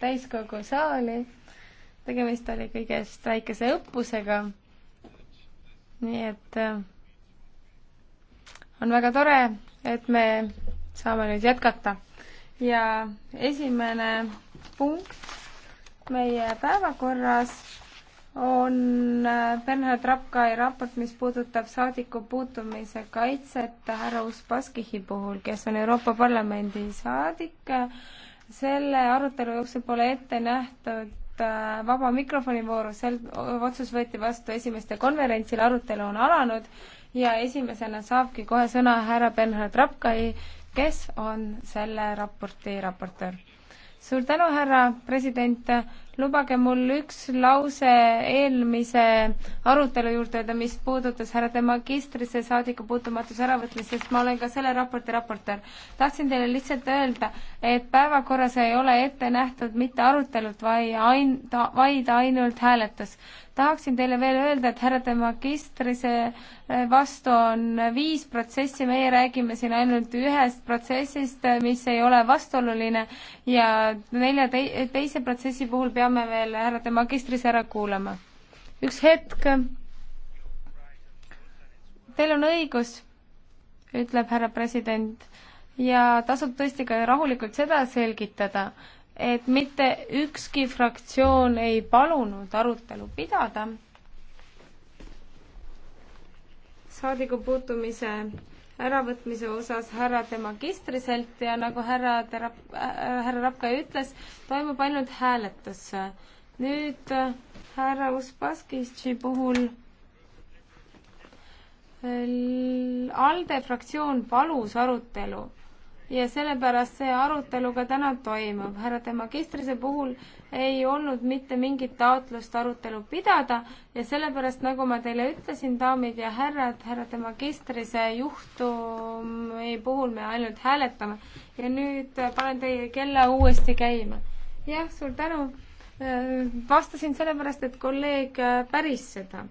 täiskogu saali. tegemist oli kõigest väikese õppusega. nii et äh, on väga tore, et me saame nüüd jätkata. ja esimene punkt meie päevakorras on äh, Bernhard Rapkai raport, mis puudutab saadiku puutumise kaitset härra Uspaskihi puhul, kes on Euroopa Parlamendi saadik selle arutelu jooksul pole ette nähtud äh, vaba mikrofoni vooru, sel otsus võeti vastu esimeste konverentsil, arutelu on alanud ja esimesena saabki kohe sõna härra Bernhard Rapkai, kes on selle raporti raportöör. suur tänu, härra president lubage mul üks lause eelmise arutelu juurde öelda, mis puudutas härra de magistrisse saadikupuutumatuse äravõtmist, sest ma olen ka selle raporti raportöör. tahtsin teile lihtsalt öelda, et päevakorras ei ole ette nähtud mitte arutelud, vaid ain-, vaid ainult hääletus. tahaksin teile veel öelda, et härra de magistrisse äh, vastu on viis protsessi, meie räägime siin ainult ühest protsessist, mis ei ole vastuoluline ja nelja te-, teise protsessi puhul peab peame veel härra de magistris ära kuulama. üks hetk. Teil on õigus, ütleb härra president ja tasub tõesti ka rahulikult seda selgitada, et mitte ükski fraktsioon ei palunud arutelu pidada saadikupuutumise äravõtmise osas härra Demagistriselt ja nagu härra Terap-, äh, äh, härra Rapkai ütles, toimub ainult hääletus. nüüd äh, härra Uspaskitši puhul ALDE fraktsioon palus arutelu ja sellepärast see arutelu ka täna toimub. härra Demagistrise puhul ei olnud mitte mingit taotlust arutelu pidada ja sellepärast, nagu ma teile ütlesin, daamid ja härrad, härra Demagistrise juhtumi puhul me ainult hääletame. ja nüüd panen teie kella uuesti käima. jah, suur tänu. vastasin sellepärast, et kolleeg päris seda.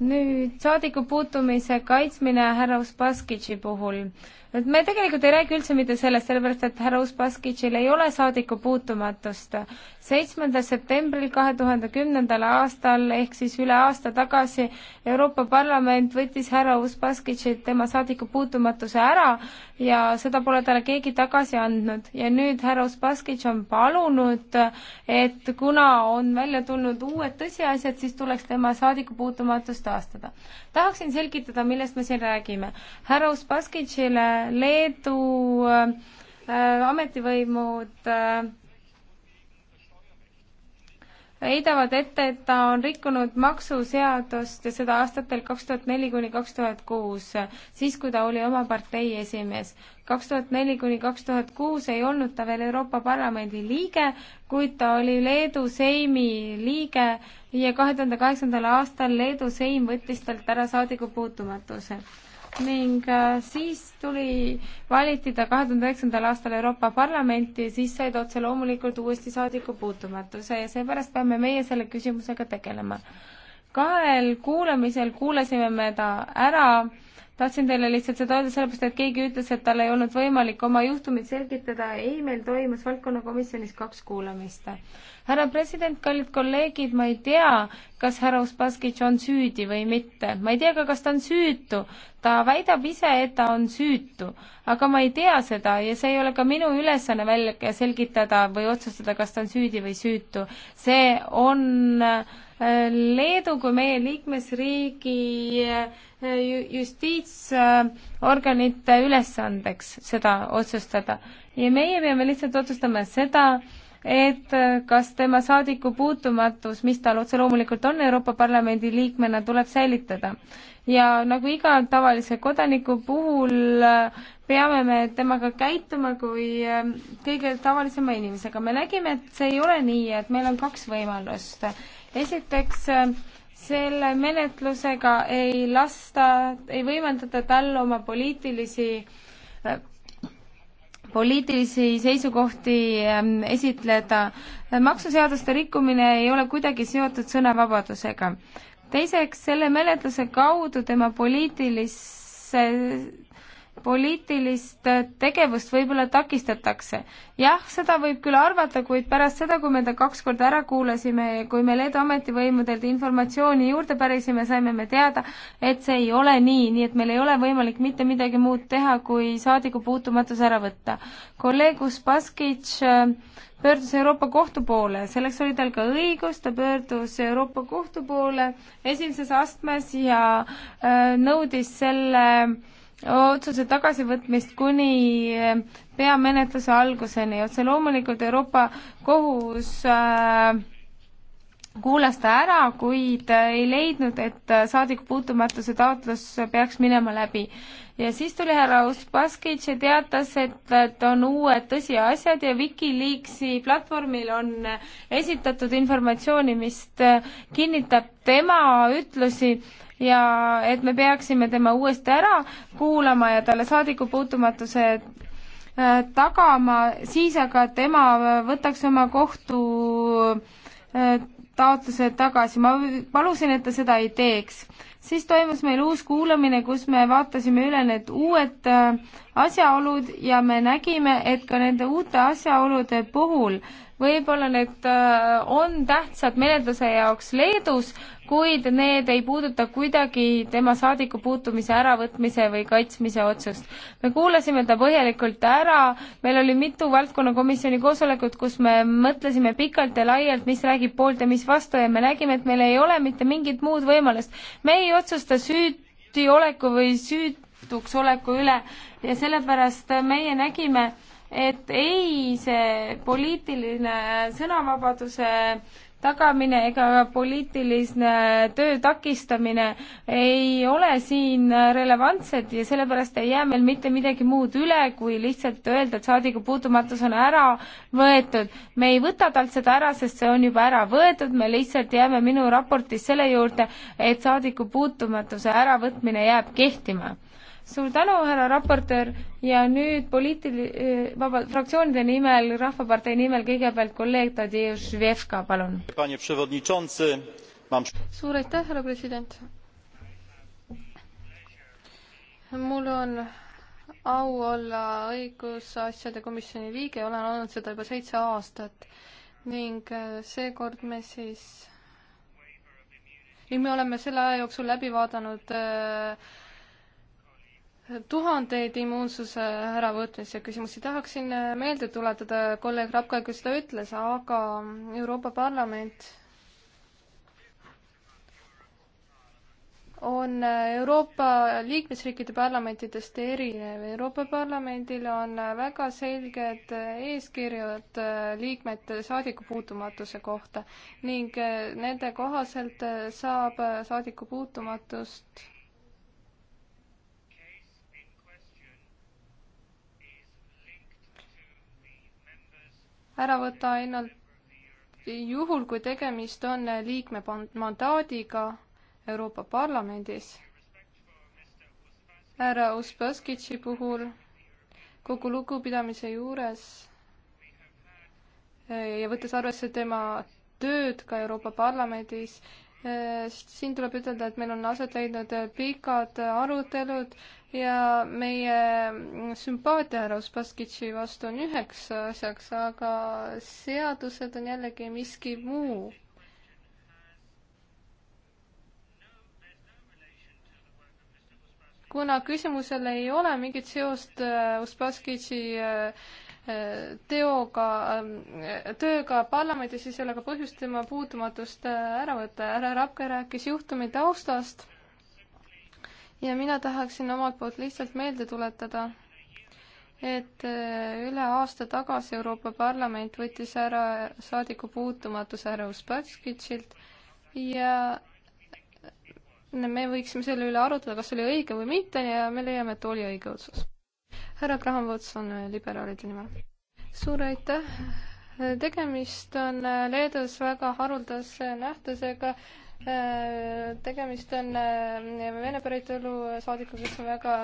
nüüd saadikupuutumise kaitsmine härra Uspaskitši puhul et me tegelikult ei räägi üldse mitte sellest, sellepärast et härra Uspaskitšil ei ole saadikupuutumatust. seitsmendal septembril kahe tuhande kümnendal aastal ehk siis üle aasta tagasi Euroopa Parlament võttis härra Uspaskitšilt tema saadikupuutumatuse ära ja seda pole talle keegi tagasi andnud ja nüüd härra Uspaskitš on palunud, et kuna on välja tulnud uued tõsiasjad, siis tuleks tema saadikupuutumatus taastada. tahaksin selgitada, millest me siin räägime. härra Uspaskitšile Leedu äh, ametivõimud äh, heidavad ette, et ta on rikkunud maksuseadust ja seda aastatel kaks tuhat neli kuni kaks tuhat kuus, siis kui ta oli oma partei esimees. kaks tuhat neli kuni kaks tuhat kuus ei olnud ta veel Euroopa Parlamendi liige, kuid ta oli Leedu Seimi liige ja kahe tuhande kaheksandal aastal Leedu Seim võttis talt ära saadikupuutumatuse ning äh, siis tuli, valiti ta kahe tuhande üheksandal aastal Euroopa Parlamenti, siis said otse loomulikult uuesti saadikupuutumatuse ja seepärast peame meie selle küsimusega tegelema. kahel kuulamisel kuulasime me ta ära, tahtsin teile lihtsalt seda öelda, sellepärast et keegi ütles, et tal ei olnud võimalik oma juhtumit selgitada, ei, meil toimus valdkonnakomisjonis kaks kuulamist. härra president, kallid kolleegid, ma ei tea, kas härra Uspaskitš on süüdi või mitte, ma ei tea ka, kas ta on süütu, ta väidab ise, et ta on süütu, aga ma ei tea seda ja see ei ole ka minu ülesanne välja selgitada või otsustada, kas ta on süüdi või süütu. see on äh, Leedu kui meie liikmesriigi äh, justiitsorganite ülesandeks seda otsustada ja meie peame lihtsalt otsustama seda, et äh, kas tema saadiku puutumatus, mis tal otse loomulikult on Euroopa Parlamendi liikmena, tuleb säilitada ja nagu iga tavalise kodaniku puhul äh, peame me temaga käituma kui äh, kõige tavalisema inimesega. me nägime, et see ei ole nii, et meil on kaks võimalust. esiteks, äh, selle menetlusega ei lasta, ei võimaldata tal oma poliitilisi poliitilisi seisukohti ähm, esitleda. maksuseaduste rikkumine ei ole kuidagi seotud sõnavabadusega teiseks, selle menetluse kaudu tema poliitilisse poliitilist tegevust võib-olla takistatakse. jah, seda võib küll arvata, kuid pärast seda, kui me ta kaks korda ära kuulasime ja kui me Leedu ametivõimudelt informatsiooni juurde pärisime, saime me teada, et see ei ole nii, nii et meil ei ole võimalik mitte midagi muud teha, kui saadiku puutumatus ära võtta. kolleeg Uspaskitš äh, pöördus Euroopa Kohtu poole, selleks oli tal ka õigus, ta pöördus Euroopa Kohtu poole esimeses astmes ja äh, nõudis selle äh, otsuse tagasivõtmist kuni eh, peamenetluse alguseni. otse loomulikult Euroopa Kohus äh, kuulas ta ära, kuid ei leidnud, et saadikupuutumatuse taotlus peaks minema läbi. ja siis tuli härra Uspaskic ja teatas, et, et on uued tõsiasjad ja Wikileaksi platvormil on esitatud informatsiooni, mis kinnitab tema ütlusi ja et me peaksime tema uuesti ära kuulama ja talle saadikupuutumatuse äh, tagama, siis aga tema võtaks oma kohtu äh, taotluse tagasi, ma palusin, et ta seda ei teeks siis toimus meil uus kuulamine, kus me vaatasime üle need uued äh, asjaolud ja me nägime, et ka nende uute asjaolude puhul võib-olla need äh, on tähtsad menetluse jaoks Leedus, kuid need ei puuduta kuidagi tema saadikupuutumise äravõtmise või kaitsmise otsust. me kuulasime ta põhjalikult ära, meil oli mitu valdkonnakomisjoni koosolekut, kus me mõtlesime pikalt ja laialt, mis räägib poolt ja mis vastu ja me nägime, et meil ei ole mitte mingit muud võimalust. me ei ei otsusta süüdioleku või süütuks oleku üle ja sellepärast meie nägime, et ei, see poliitiline sõnavabaduse tagamine ega poliitiline töö takistamine ei ole siin relevantsed ja sellepärast ei jää meil mitte midagi muud üle, kui lihtsalt öelda, et saadikupuutumatus on ära võetud. me ei võta talt seda ära, sest see on juba ära võetud, me lihtsalt jääme minu raportis selle juurde, et saadikupuutumatuse äravõtmine jääb kehtima suur tänu, härra raportöör ja nüüd poliitil-, eh, vaba, fraktsioonide nimel, Rahvapartei nimel kõigepealt kolleeg Tadeusz Vjevka, palun. suur aitäh, härra president. mul on au olla õigusasjade komisjoni liige, olen olnud seda juba seitse aastat ning eh, seekord me siis ning me oleme selle aja jooksul läbi vaadanud äh, tuhandeid immuunsuse äravõtmise küsimusi. tahaksin meelde tuletada, kolleeg Rapkaik ju seda ütles, aga Euroopa Parlament on Euroopa liikmesriikide parlamentidest erinev. Euroopa Parlamendil on väga selged eeskirjad liikmete saadikupuutumatuse kohta ning nende kohaselt saab saadikupuutumatust ära võtta ainult juhul, kui tegemist on liikme mandaadiga Euroopa Parlamendis. härra Uspaskitši puhul kogu lugupidamise juures ja võttes arvesse tema tööd ka Euroopa Parlamendis, Äh, siin tuleb ütelda, et meil on aset leidnud äh, pikad äh, arutelud ja meie mm, sümpaatia härra Uspaskitši vastu on üheks asjaks, aga seadused on jällegi miski muu. kuna küsimusel ei ole mingit seost Uspaskitši teoga, tööga parlamendis, siis ei ole ka põhjust tema puutumatust äh, ära võtta. härra Rapke rääkis juhtumi taustast ja mina tahaksin omalt poolt lihtsalt meelde tuletada, et äh, üle aasta tagasi Euroopa Parlament võttis ära saadiku puutumatuse härra Uspatskitšilt ja äh, me võiksime selle üle arutleda, kas see oli õige või mitte ja me leiame, et oli õige otsus härra Graham Watson äh, liberaalide nimel. suur aitäh, tegemist on äh, Leedus väga haruldase nähtusega, äh, tegemist on Vene päritolu saadikuga, kes on väga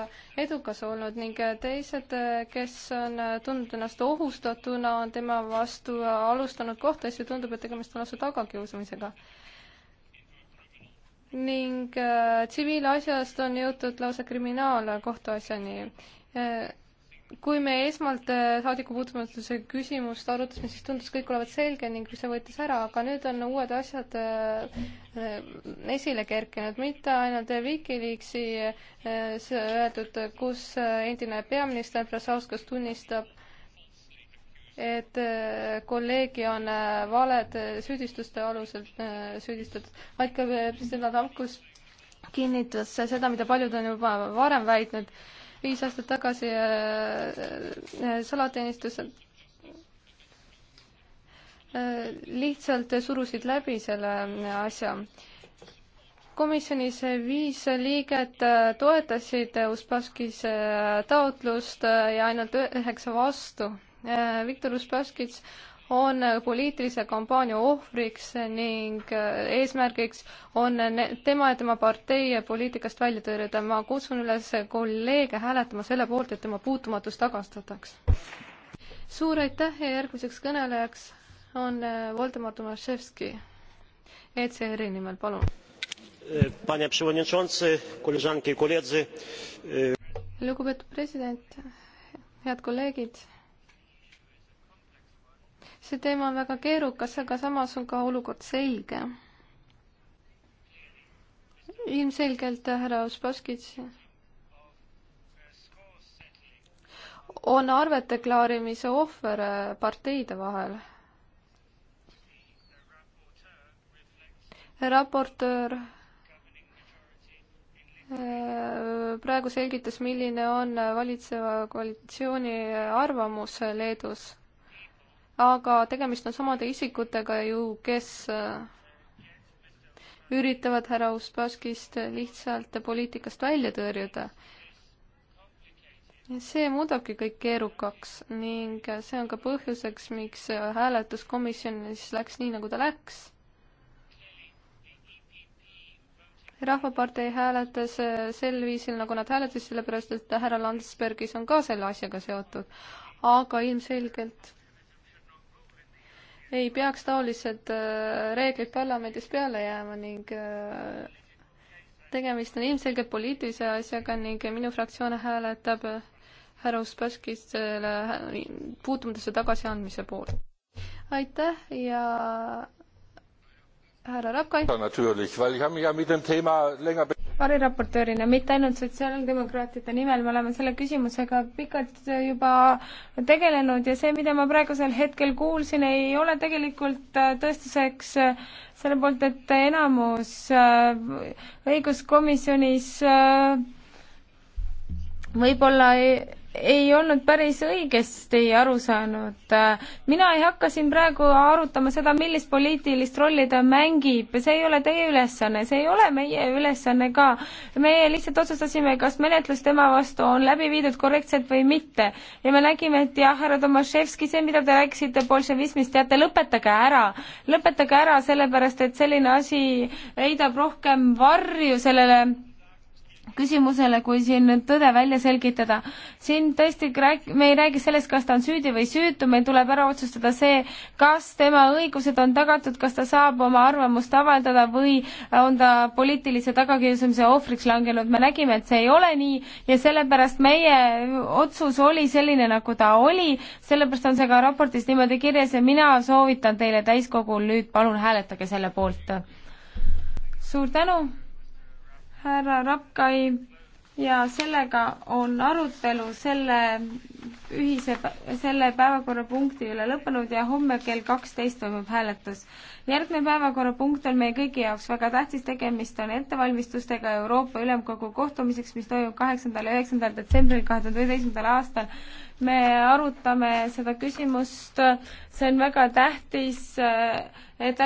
edukas olnud ning teised, kes on tundnud ennast ohustatuna, on tema vastu alustanud kohtuasju, tundub, et tegemist on lausa tagakiusamisega. ning tsiviilasjast on jõutud lausa kriminaalkohtuasjani Äh, kui me esmalt äh, saadikupuutumatuse küsimust arutasime, siis tundus kõik olevat selge ning see võttis ära, aga nüüd on uued asjad äh, esile kerkinud, mitte ainult Wikileaksi öeldud, kus endine peaminister Brazauskas tunnistab, et kolleegi on valed süüdistuste alusel süüdistatud, vaid ka president Adamkus kinnitas seda, mida paljud on juba varem väitnud viis aastat tagasi äh, äh, salateenistused äh, lihtsalt surusid läbi selle asja. komisjonis viis liiget toetasid Uspaskis taotlust ja ainult üheksa vastu. Viktor Uspaskis on poliitilise kampaania ohvriks ning äh, eesmärgiks on tema ja tema partei poliitikast välja tõrjuda. ma kutsun üles kolleege hääletama selle poolt, et tema puutumatus tagastataks. suur aitäh ja järgmiseks kõnelejaks on äh, Voldemar Tomaševski ECR-i nimel, palun. Äh, lugupeetud president, head kolleegid see teema on väga keerukas, aga samas on ka olukord selge. ilmselgelt härra Uspaskits on arvete klaarimise ohver parteide vahel. raportöör äh, praegu selgitas, milline on valitseva koalitsiooni arvamus Leedus aga tegemist on samade isikutega ju, kes äh, üritavad härra Uspaskist lihtsalt poliitikast välja tõrjuda. see muudabki kõik keerukaks ning see on ka põhjuseks, miks hääletus komisjonis läks nii, nagu ta läks. rahvapartei hääletas äh, sel viisil, nagu nad hääletasid, sellepärast et härra Landsbergis on ka selle asjaga seotud, aga ilmselgelt ei peaks taolised äh, reeglid parlamendis peale jääma ning äh, tegemist on ilmselgelt poliitilise asjaga ning minu fraktsioon hääletab äh, härra Uspaskistele puutumatuse tagasiandmise poolt. aitäh ja härra Rapkai variraportöörina, mitte ainult sotsiaaldemokraatide nimel, me oleme selle küsimusega pikalt juba tegelenud ja see, mida ma praegusel hetkel kuulsin, ei ole tegelikult tõestuseks selle poolt, et enamus äh, õiguskomisjonis äh, võib-olla ei ei olnud päris õigesti aru saanud. mina ei hakka siin praegu arutama seda, millist poliitilist rolli ta mängib, see ei ole teie ülesanne, see ei ole meie ülesanne ka. meie lihtsalt otsustasime, kas menetlus tema vastu on läbi viidud korrektselt või mitte. ja me nägime, et jah, härra Tomaševski, see, mida te rääkisite bolševismist, teate, lõpetage ära. lõpetage ära, sellepärast et selline asi heidab rohkem varju sellele küsimusele, kui siin nüüd tõde välja selgitada. siin tõesti rääk-, me ei räägi sellest, kas ta on süüdi või süütu, meil tuleb ära otsustada see, kas tema õigused on tagatud, kas ta saab oma arvamust avaldada või on ta poliitilise tagakiusamise ohvriks langenud. me nägime, et see ei ole nii ja sellepärast meie otsus oli selline, nagu ta oli, sellepärast on see ka raportis niimoodi kirjas ja mina soovitan teile täiskogul nüüd palun hääletage selle poolt. suur tänu! härra Rapkai ja sellega on arutelu selle ühise, selle päevakorrapunkti üle lõppenud ja homme kell kaksteist toimub hääletus. järgmine päevakorrapunkt on meie kõigi jaoks väga tähtis, tegemist on ettevalmistustega Euroopa Ülemkogu kohtumiseks, mis toimub kaheksandal ja üheksandal detsembril kahe tuhande üheteistkümnendal aastal. me arutame seda küsimust, see on väga tähtis, et